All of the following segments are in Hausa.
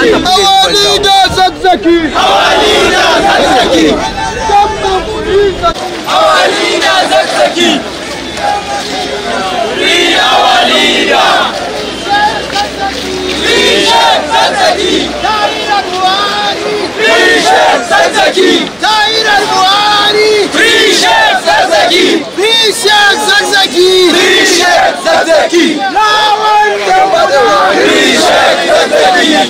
Hawali da zazzaki! Hawali da zazzaki! Musamman kuri zazzaki! Hawali da zazzaki! Ri hawali da! Ri shek zazzaki! Tahirar Buhari! Ri shek zazzaki! Tahirar Buhari! Ri shek zazzaki! Ri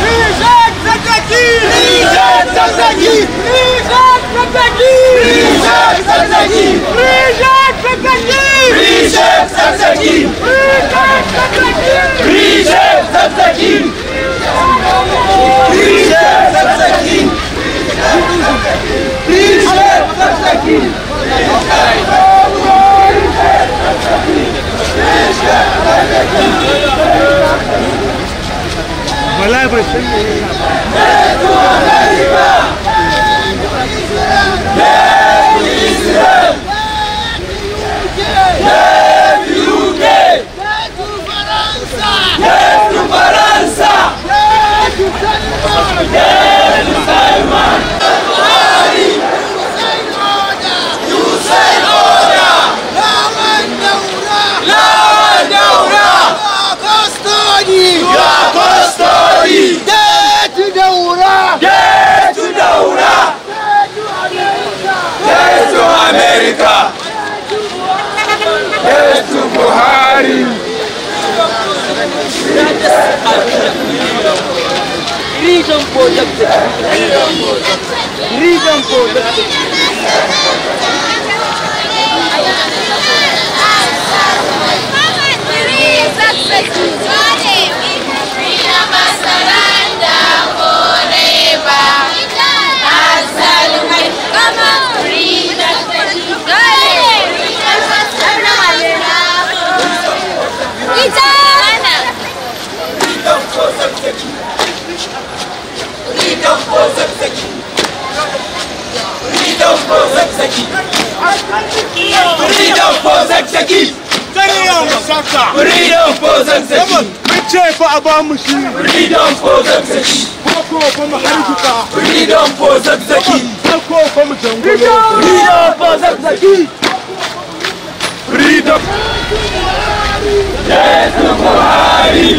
Приезжать казаки! Приезжать казаки! Приезжать казаки! Приезжать казаки! Приезжать казаки! Приезжать казаки! Приезжать казаки! Приезжать казаки! Приезжать казаки! Приезжать казаки! Приезжать казаки! América! largest arena Freedom the Freedom projected. Muhammad, there is success to Jordan. Freedom must surrender forever. Azal kozan saki mun ce fa a bamu shi freedom for saki ko Freedom for freedom kozan freedom for freedom for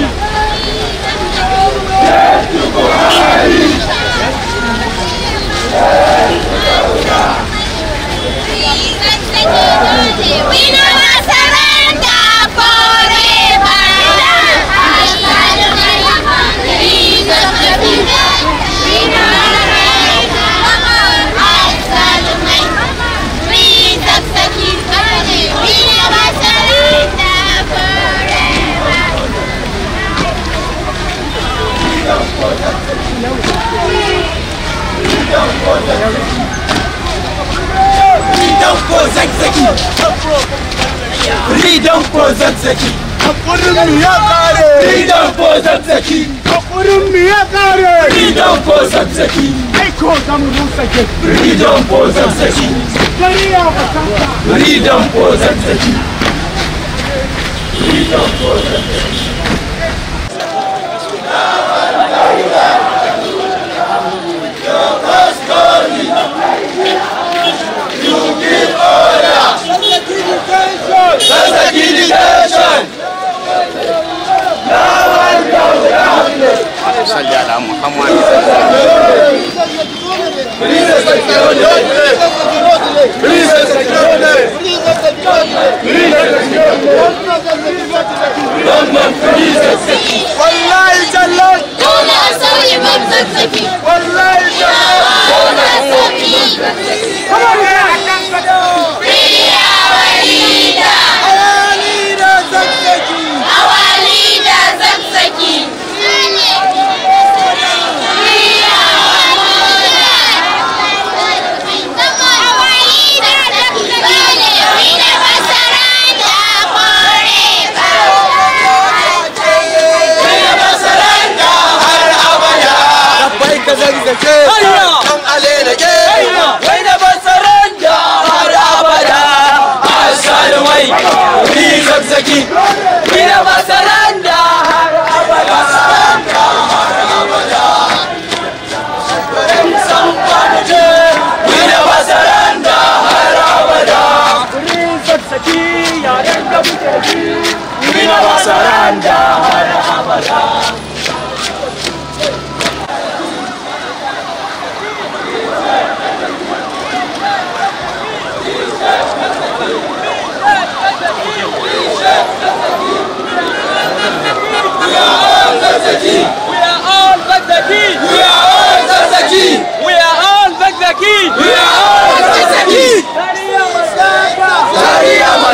Freedom for Zazzaki. Hakurin ya kare. Freedom for Zazzaki. Hakurin ya kare. Freedom for mu ke. Freedom for Kariya ba Freedom for Freedom for What? We are all Baghdadi! We are all Baghdadi! We are all Baghdadi! We are all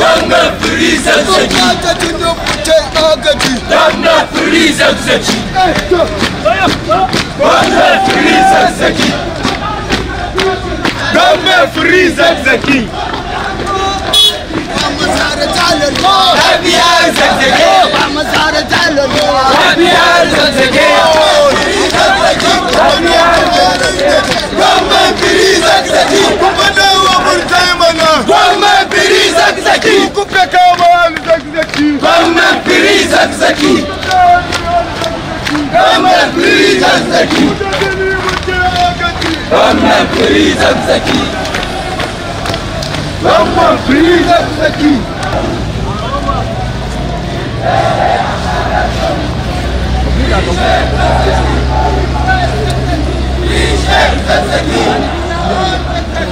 Wannan free zazzaki. Ka gaji don mutai agaji. Wannan free zazzaki. Wannan free zazzaki. Wannan free zazzaki. Happy hours at the gate. Happy hours at the gate. zaki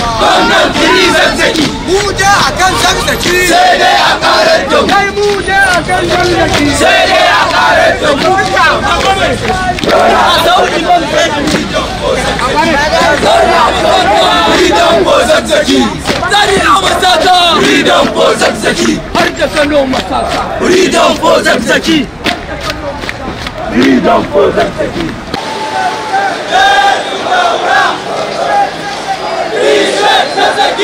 Wannan fili zazzaki. Mu je a kan zazzaki. Sai dai a karar da Kai mu je a kan zazzaki. Sai dai a karar da mu. Zauna a zauni ban kai Freedom for zazzaki. Zari a for zazzaki. Har da for zazzaki.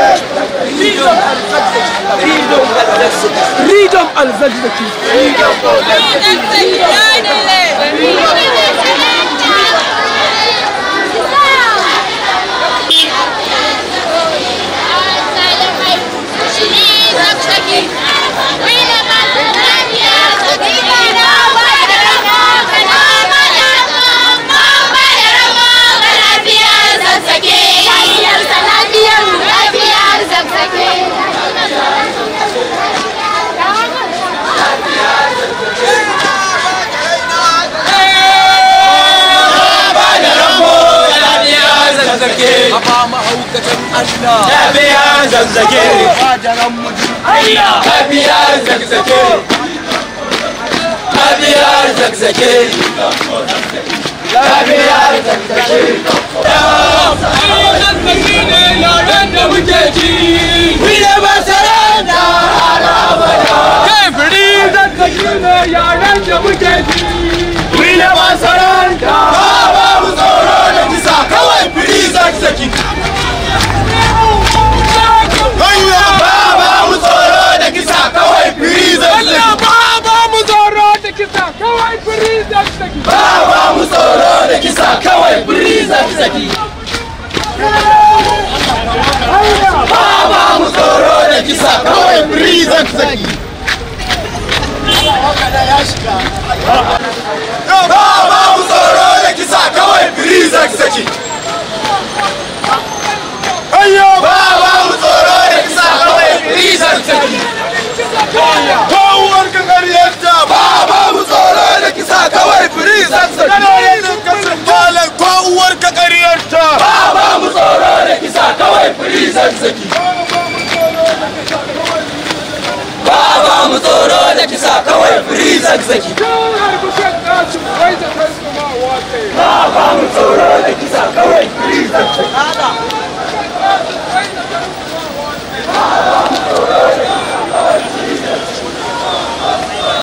freedom and justice. Freedom and justice. Freedom and justice. Freedom and justice. Freedom and justice. ma mahaukatan Allah yi zanzage fajaran mutum Allah tafiya zanzage tafiya zanzage tafiya zanzage ayyukan da muke ji mu ne masarauta a rabata kai zaki ba ba mu tsoro da kisa kawai firi saki. zaki ba ba mu tsoro da kisa kawai firi saki. zaki ba ba mu tsoro da kisa kawai firi saki. saki don harbi kan da kuma wata ba mu tsoro da kisa kawai kiri